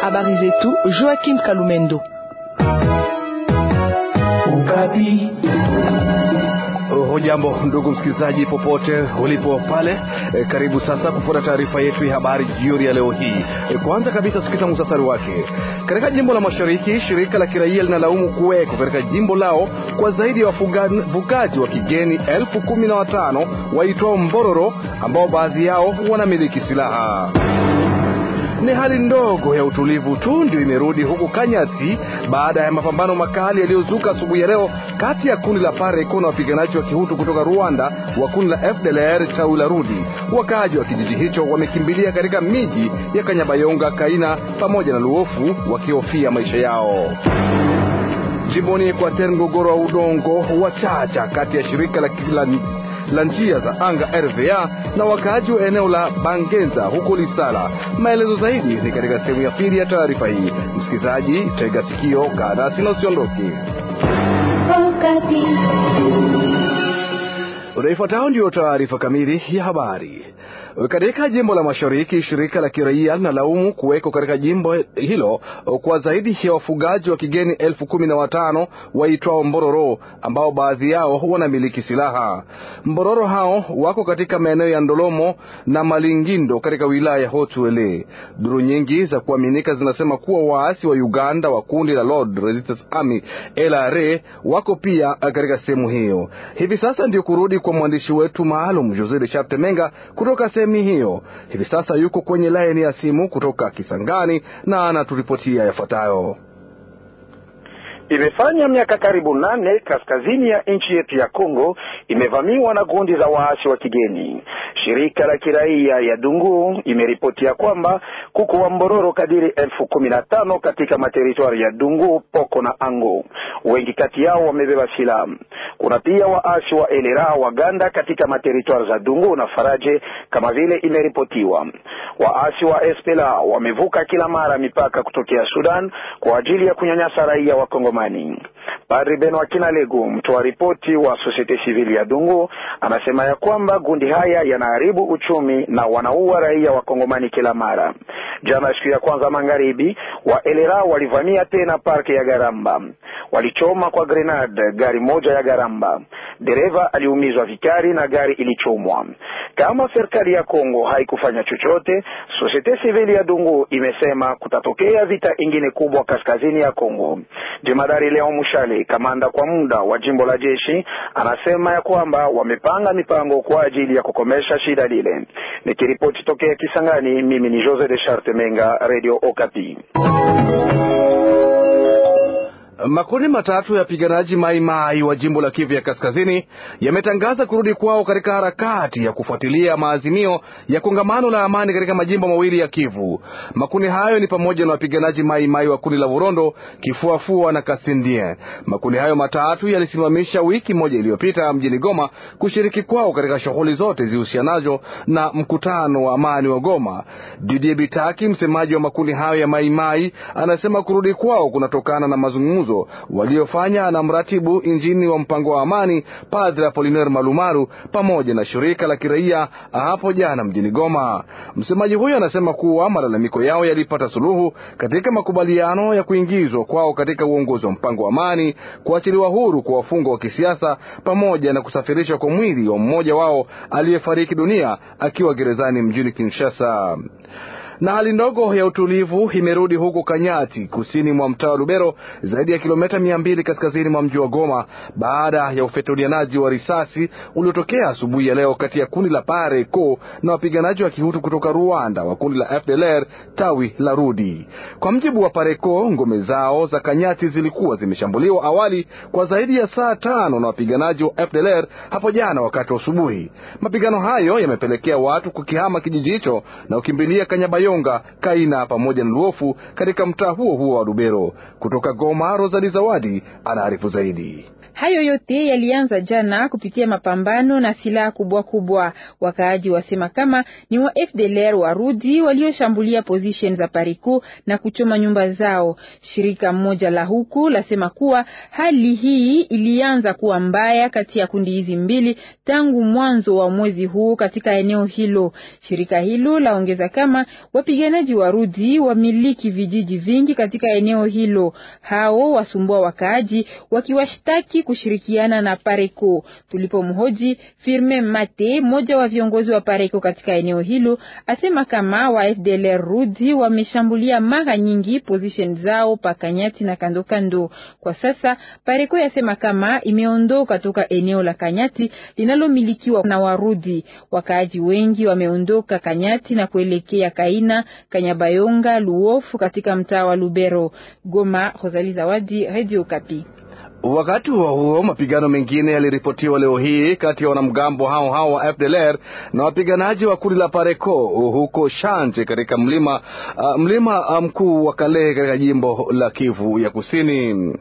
habari zetu joakim kalumendo Ukapi. Hujambo ndugu msikilizaji, popote ulipo pale e, karibu sasa kufuata taarifa yetu ya habari jioni ya leo hii. E, kwanza kabisa sikita muhtasari wake. Katika jimbo la Mashariki, shirika la kiraia linalaumu kuweko katika jimbo lao kwa zaidi ya wafugaji wa kigeni elfu kumi na watano waitwao Mbororo ambao baadhi yao wanamiliki silaha. Ni hali ndogo ya utulivu tu ndio imerudi huku Kanyati baada ya mapambano makali yaliyozuka asubuhi ya leo kati ya kundi la PARECO na wapiganaji wa Kihutu kutoka Rwanda wa kundi la FDLR tawi la Rudi. Wakaaji wa kijiji hicho wamekimbilia katika miji ya Kanyabayonga, Kaina pamoja na Luofu wakihofia maisha yao. Jimboni Ekwater, mgogoro wa udongo wachacha kati ya shirika la la njia za anga RVA na wakaaji wa eneo la Bangenza huko Lisala. Maelezo zaidi ni katika sehemu ya pili ya taarifa hii. Msikilizaji, tega sikio, kaa nasi na usiondoke. Unaifuatao ndiyo taarifa kamili ya habari. Katika jimbo la mashariki, shirika la kiraia linalaumu kuweko katika jimbo hilo kwa zaidi ya wafugaji wa kigeni elfu kumi na watano waitwao Mbororo, ambao baadhi yao wanamiliki silaha. Mbororo hao wako katika maeneo ya Ndolomo na Malingindo katika wilaya ya Hotwele. Duru nyingi za kuaminika zinasema kuwa waasi wa Uganda wa kundi la Lord Resistance Army LRA wako pia katika sehemu hiyo. Hivi sasa ndio kurudi kwa mwandishi wetu maalum Jose de Chaptemenga kutoka semi hiyo. Hivi sasa yuko kwenye laini ya simu kutoka Kisangani na anaturipotia yafuatayo imefanya miaka karibu nane kaskazini ya nchi yetu ya Kongo imevamiwa na gundi za waasi wa kigeni. Shirika la kiraia ya Dungu imeripotia kwamba kuku wa mbororo kadiri elfu kumi na tano katika materitori ya Dungu, Poko na Ango. Wengi kati yao wamebeba silaha. Kuna pia waasi wa Elera Waganda katika materitori za Dungu na Faraje kama vile imeripotiwa. Waasi wa Espela wamevuka kila mara mipaka kutokea Sudan kwa ajili ya kunyanyasa raia wa Kongo amani. Padri Benoit Kinalegu, mtoa ripoti wa Societe Civile ya Dungu, anasema ya kwamba gundi haya yanaharibu uchumi na wanaua raia wa Kongomani kila mara. Jana siku ya kwanza magharibi, wa elera walivamia tena parki ya Garamba, walichoma kwa grenade gari moja ya Garamba dereva aliumizwa vikari na gari ilichomwa. Kama serikali ya Kongo haikufanya chochote, Societe sivili ya Dungu imesema kutatokea vita ingine kubwa kaskazini ya Kongo. Jemadari Leon Mushale, kamanda kwa muda wa jimbo la jeshi, anasema ya kwamba wamepanga mipango kwa ajili ya kukomesha shida lile. Nikiripoti tokea Kisangani, mimi ni Jose de Charte Menga, Radio Okapi. Makundi matatu ya wapiganaji Maimai wa jimbo la Kivu ya Kaskazini yametangaza kurudi kwao katika harakati ya kufuatilia maazimio ya kongamano la amani katika majimbo mawili ya Kivu. Makundi hayo ni pamoja na wapiganaji Maimai wa kundi la Burondo, Kifuafua na Kasindie. Makundi hayo matatu yalisimamisha wiki moja iliyopita mjini Goma kushiriki kwao katika shughuli zote zihusianazo na mkutano wa amani wa Goma. Didie Bitaki, msemaji wa makundi hayo ya Maimai, anasema kurudi kwao kunatokana na mazungumzo mazungumzo waliofanya na mratibu injini wa mpango wa amani Padre Apoliner Malumalu pamoja na shirika la kiraia hapo jana mjini Goma. Msemaji huyo anasema kuwa malalamiko yao yalipata suluhu katika makubaliano ya kuingizwa kwao katika uongozi wa mpango wa amani, kuachiliwa huru kwa wafungwa wa kisiasa pamoja na kusafirishwa kwa mwili wa mmoja wao aliyefariki dunia akiwa gerezani mjini Kinshasa. Na hali ndogo ya utulivu imerudi huku Kanyati, kusini mwa mtaa wa Lubero, zaidi ya kilomita mia mbili kaskazini mwa mji wa Goma, baada ya ufetulianaji wa risasi uliotokea asubuhi ya leo kati ya kundi la PARECO na wapiganaji wa kihutu kutoka Rwanda wa kundi la FDLR tawi la Rudi. Kwa mjibu wa PARECO, ngome zao za Kanyati zilikuwa zimeshambuliwa awali kwa zaidi ya saa tano na wapiganaji wa FDLR hapo jana wakati wa asubuhi. Mapigano hayo yamepelekea watu kukihama kijiji hicho na kukimbilia Kanyabayo Kayonga, Kaina pamoja na Luofu katika mtaa huo huo wa dubero Kutoka Goma, Rozali Zawadi anaarifu zaidi. Hayo yote yalianza jana kupitia mapambano na silaha kubwa kubwa. Wakaaji wasema kama ni wa FDLR warudi walioshambulia position za Pariku na kuchoma nyumba zao. Shirika moja la huku lasema kuwa hali hii ilianza kuwa mbaya kati ya kundi hizi mbili tangu mwanzo wa mwezi huu katika eneo hilo. Shirika hilo laongeza kama wapiganaji warudi wamiliki vijiji vingi katika eneo hilo, hao wasumbua wakaaji wakiwashtaki kushirikiana na Pareco. Tulipomhoji Firme Mate, mmoja wa viongozi wa Pareco katika eneo hilo, asema kama wa FDLR Rudi wameshambulia mara nyingi position zao pakanyati na kandokando. Kwa sasa Pareco yasema kama imeondoka toka eneo la Kanyati linalomilikiwa na Warudi. Wakaaji wengi wameondoka Kanyati na kuelekea Kaina, Kanyabayonga, Luofu katika mtaa wa Lubero. Goma, Rosali Zawadi, Radio Kapi. Wakati huo huo, mapigano mengine yaliripotiwa leo hii kati ya wanamgambo hao hao wa FDLR na wapiganaji wa kundi la Pareco huko Shanje katika mlima uh, mlima uh, mkuu wa Kalehe katika jimbo la Kivu ya Kusini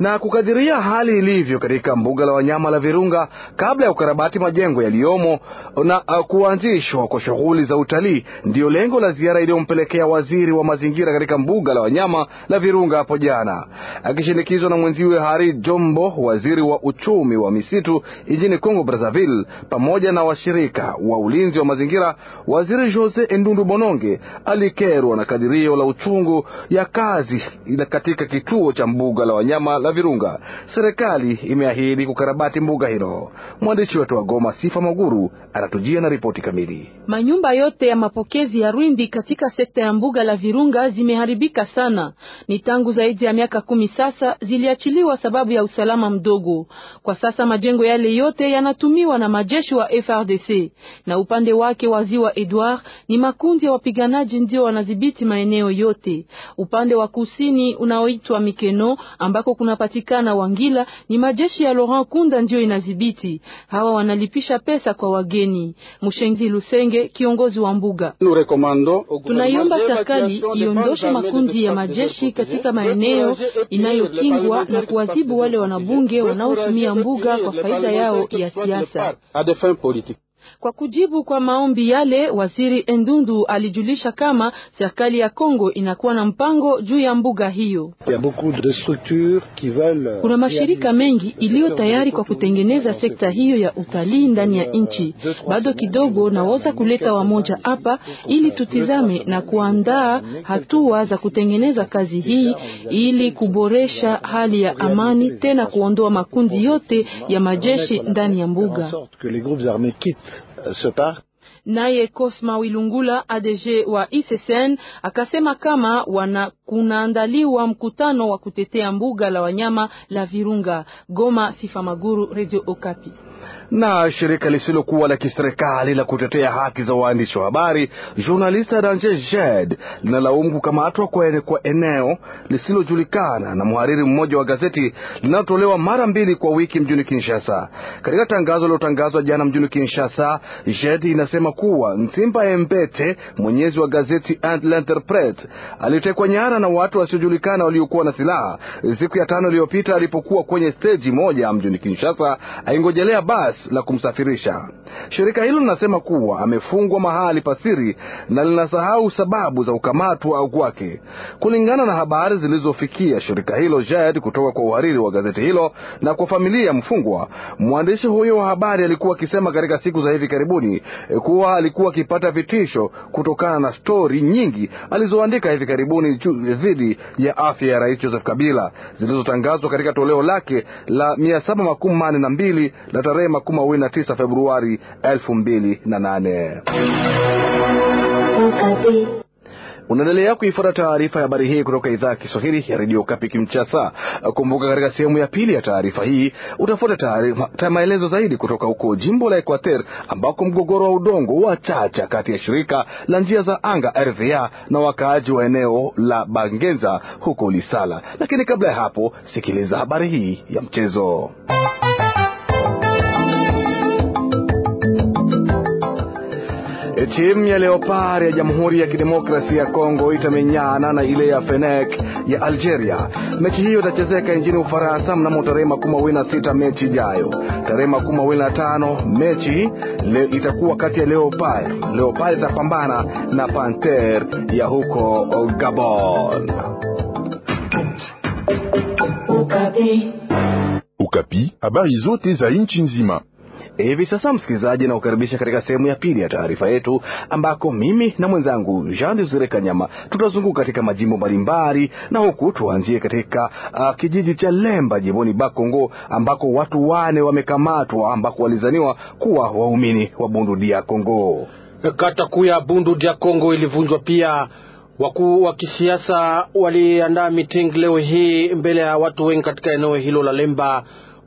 na kukadhiria hali ilivyo katika mbuga la wanyama la Virunga kabla ya kukarabati majengo yaliyomo na uh, kuanzishwa kwa shughuli za utalii, ndiyo lengo la ziara iliyompelekea waziri wa mazingira katika mbuga la wanyama la Virunga hapo jana, akishindikizwa na mwenziwe Hari Jombo, waziri wa uchumi wa misitu nchini Kongo Brazzaville, pamoja na washirika wa ulinzi wa mazingira. Waziri Jose Endundu Bononge alikerwa na kadirio la uchungu ya kazi katika kituo cha mbuga la wanyama la la Virunga. Serikali imeahidi kukarabati mbuga hilo. Mwandishi wetu wa Goma, Sifa Maguru, anatujia na ripoti kamili. Manyumba yote ya mapokezi ya Rwindi katika sekta ya mbuga la Virunga zimeharibika sana. Ni tangu zaidi ya miaka kumi sasa ziliachiliwa sababu ya usalama mdogo. Kwa sasa majengo yale yote yanatumiwa na majeshi wa FRDC, na upande wake wa ziwa Edward ni makundi ya wapiganaji ndio wanadhibiti maeneo yote. Upande wa kusini unaoitwa Mikeno ambako kuna inapatikana Wangila ni majeshi ya Laurent Kunda ndiyo inadhibiti. Hawa wanalipisha pesa kwa wageni. Mshenzi Lusenge, kiongozi wa mbuga: tunaiomba serikali iondoshe makundi ya majeshi katika maeneo inayokingwa na kuwazibu wale wanabunge wanaotumia mbuga kwa faida yao ya siasa. Kwa kujibu kwa maombi yale, waziri Endundu alijulisha kama serikali ya Kongo inakuwa na mpango juu ya mbuga hiyo. Kuna mashirika mengi iliyo tayari kwa kutengeneza sekta hiyo ya utalii ndani ya euh, nchi. Bado kidogo naweza kuleta wamoja hapa ili tutizame na kuandaa hatua za kutengeneza kazi hii ili kuboresha hali ya amani, tena kuondoa makundi yote ya majeshi ndani ya mbuga. ce parc Naye Cosma Wilungula ADG wa ISSN akasema kama wana kunaandaliwa mkutano wa kutetea mbuga la wanyama la Virunga. Goma, Sifa Maguru, Radio Okapi. Na shirika lisilokuwa la kiserikali la kutetea haki za waandishi wa habari Journaliste Danger Jed linalaumu kukamatwa kwa eneo lisilojulikana na mhariri mmoja wa gazeti linalotolewa mara mbili kwa wiki mjini Kinshasa. Katika tangazo lilotangazwa jana mjini Kinshasa, Jed inasema anasema kuwa Ntimba Embete, mwenyezi wa gazeti L'Interprete, alitekwa nyara na watu wasiojulikana waliokuwa na silaha siku ya tano iliyopita alipokuwa kwenye steji moja mjini Kinshasa aingojelea basi la kumsafirisha. Shirika hilo linasema kuwa amefungwa mahali pasiri na linasahau sababu za ukamatwa au kwake. Kulingana na habari zilizofikia shirika hilo JAD kutoka kwa uhariri wa gazeti hilo na kwa familia ya mfungwa, mwandishi huyo wa habari alikuwa akisema katika siku za hivi karibuni kuwa alikuwa akipata vitisho kutokana na stori nyingi alizoandika hivi karibuni dhidi ya afya ya Rais Joseph Kabila zilizotangazwa katika toleo lake la mia saba makumi manne na mbili la tarehe makumi mawili na tisa Februari elfu mbili na nane. Unaendelea kuifuata taarifa ya habari hii kutoka idhaa ya Kiswahili ya redio Kapi kimchasa Kumbuka, katika sehemu ya pili ya taarifa hii utafuata maelezo zaidi kutoka huko jimbo la ekuater ambako mgogoro wa udongo wa chacha kati ya shirika la njia za anga RVA na wakaaji wa eneo la Bangenza huko Lisala. Lakini kabla ya hapo, sikiliza habari hii ya mchezo. timu ya leopar ya jamhuri ya kidemokrasia ya kongo itamenyana na ile ya fenek ya algeria mechi hiyo itachezeka nchini ufaransa mnamo tarehe makumi mawili na sita mechi ijayo tarehe makumi mawili na tano mechi le, itakuwa kati ya Leopard. Leopard itapambana na panter ya huko gabon ukapi ukapi habari zote za nchi nzima Hivi sasa msikilizaji, na kukaribisha katika sehemu ya pili ya taarifa yetu, ambako mimi na mwenzangu Jean Desire Kanyama tutazunguka katika majimbo mbalimbali, na huku tuanzie katika uh, kijiji cha Lemba jimboni Bakongo, ambako watu wane wamekamatwa, ambako walizaniwa kuwa waumini wa Bundu dia Kongo. Kata kuu ya Bundu dia Kongo ilivunjwa pia. Wakuu wa kisiasa waliandaa mitingi leo hii mbele ya watu wengi katika eneo hilo la Lemba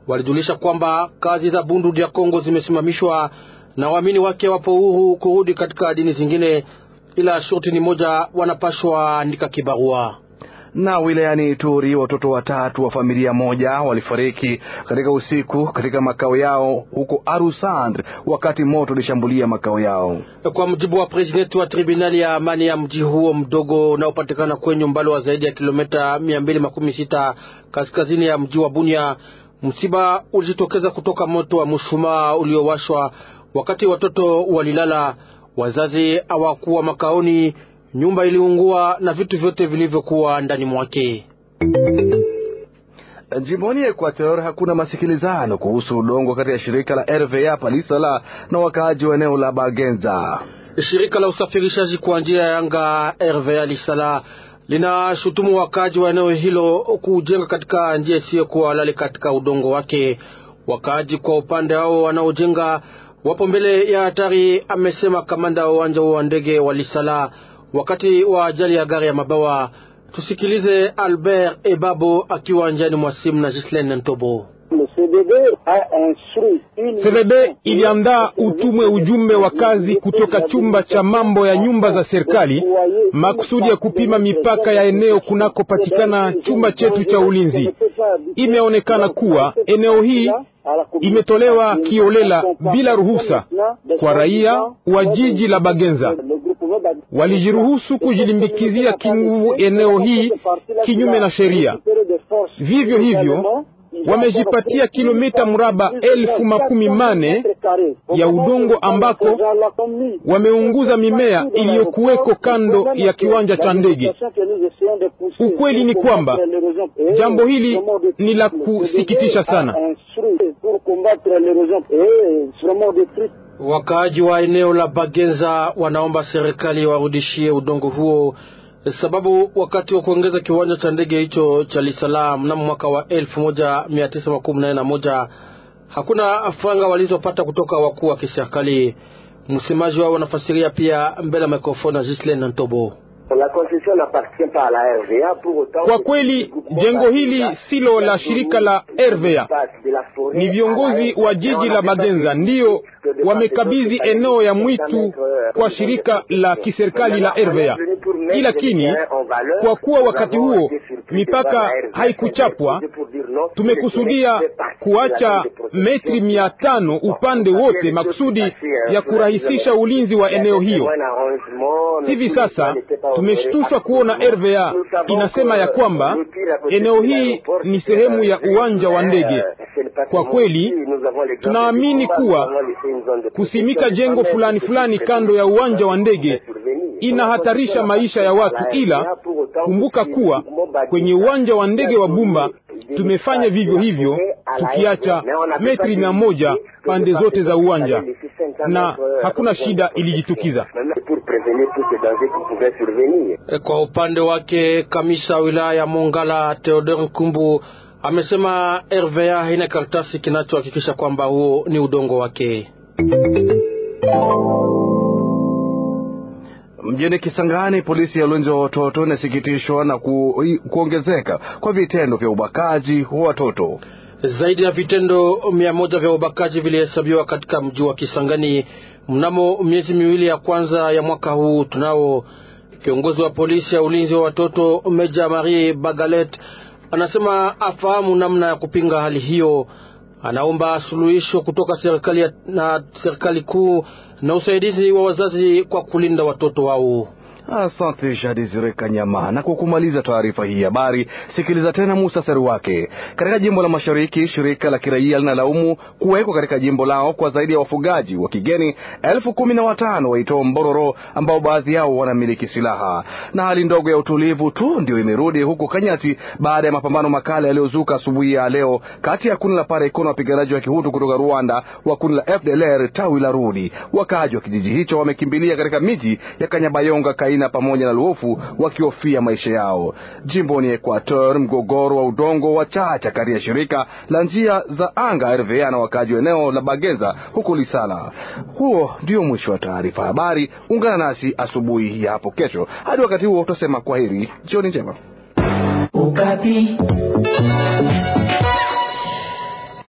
walijulisha kwamba kazi za Bundu ya Kongo zimesimamishwa na waamini wake wapo huru kurudi katika dini zingine, ila shurti ni moja, wanapashwa andika kibarua na wilayani Ituri watoto watatu wa familia moja walifariki katika usiku katika makao yao huko Arusandre wakati moto ulishambulia makao yao. Kwa mujibu wa presidenti wa tribunali ya amani ya mji huo mdogo unaopatikana kwenye umbali wa zaidi ya kilomita 216 kaskazini ya mji wa Bunia, Msiba ulijitokeza kutoka moto wa mshumaa uliowashwa wakati watoto walilala, wazazi hawakuwa makaoni, nyumba iliungua na vitu vyote vilivyokuwa ndani mwake. Jimboni Equateur hakuna masikilizano kuhusu udongo kati ya shirika la RVA Palisala na wakaaji wa eneo la Bagenza. Shirika la usafirishaji kwa njia ya anga RVA Lisala linashutumu wakaji wa eneo hilo kujenga katika njia isiyokuwa halali katika udongo wake. wakaji kwa upande wao wanaojenga wapo mbele ya hatari, amesema kamanda wa uwanja wa ndege wa Lisala wakati wa ajali ya gari ya mabawa. Tusikilize Albert Ebabo akiwa njiani mwa simu na Gislaine Ntobo. CVB iliandaa utumwe ujumbe wa kazi kutoka chumba cha mambo ya nyumba za serikali makusudi ya kupima mipaka ya eneo kunakopatikana chumba chetu cha ulinzi. Imeonekana kuwa eneo hii imetolewa kiolela bila ruhusa kwa raia wa jiji la Bagenza. Walijiruhusu kujilimbikizia kinguvu eneo hii kinyume na sheria. Vivyo hivyo wamejipatia kilomita mraba elfu makumi mane ya udongo ambako wameunguza mimea iliyokuweko kando ya kiwanja cha ndege. Ukweli ni kwamba jambo hili ni la kusikitisha sana. Wakaaji wa eneo la Bagenza wanaomba serikali warudishie udongo huo sababu wakati wa kuongeza kiwanja cha ndege hicho cha Lisala mnamo mwaka wa 1981 hakuna fanga walizopata kutoka wakuu wa kiserikali. Msemaji wao wanafasiria pia mbele ya mikrofoni ya na Ntobo. Kwa kweli jengo hili silo la shirika la RVA, ni viongozi wa jiji la Magenza ndiyo wamekabidhi eneo ya mwitu euh, kwa shirika la kiserikali la RVA. kini kwa kuwa wakati huo mipaka haikuchapwa, tumekusudia kuacha metri mia tano upande wote, makusudi euh, ya kurahisisha ulinzi wa eneo hiyo. Hivi sasa Tumeshtushwa kuona RVA inasema ya kwamba eneo hii ni sehemu ya uwanja wa ndege. Kwa kweli tunaamini kuwa kusimika jengo fulani fulani kando ya uwanja wa ndege inahatarisha maisha ya watu, ila kumbuka kuwa kwenye uwanja wa ndege wa Bumba tumefanya vivyo hivyo tukiacha metri mia moja pande zote za uwanja na hakuna shida ilijitukiza. Kwa upande wake kamisa wilaya ya Mongala Theodore Kumbu amesema RVA haina karatasi kinachohakikisha kwamba huo ni udongo wake. Mjini Kisangani, polisi ya ulinzi wa watoto inasikitishwa na ku, kuongezeka kwa vitendo vya ubakaji wa watoto. Zaidi ya vitendo mia moja vya ubakaji vilihesabiwa katika mji wa Kisangani mnamo miezi miwili ya kwanza ya mwaka huu. Tunao kiongozi wa polisi ya ulinzi wa watoto Meja Marie Bagalet anasema afahamu namna ya kupinga hali hiyo. Anaomba suluhisho kutoka serikali na serikali kuu na usaidizi wa wazazi kwa kulinda watoto wao. Asante Shadizire Kanyama. Na kwa kumaliza taarifa hii habari, sikiliza tena musasari wake. Katika jimbo la Mashariki, shirika la kiraia linalaumu kuwekwa katika jimbo lao kwa zaidi ya wafugaji wa kigeni elfu kumi na watano waitao Mbororo, ambao baadhi yao wanamiliki silaha. Na hali ndogo ya utulivu tu ndio imerudi huko Kanyati baada ya mapambano makali yaliyozuka asubuhi ya leo kati ya kundi la Parekona, wapiganaji wa Kihutu kutoka Rwanda wa kundi la FDLR tawi la Rudi. Wakaaji wa kijiji hicho wamekimbilia katika miji ya Kanyabayonga, Kai Palestina pamoja na luofu wakihofia maisha yao. Jimboni Ekuateur, mgogoro wa udongo wa chacha kati ya shirika la njia za anga RVA na wakaji wa eneo la Bageza huko Lisala. Huo ndio mwisho wa taarifa habari. Ungana nasi asubuhi ya hapo kesho. Hadi wakati huo, tutasema kwaheri, jioni njema. ukati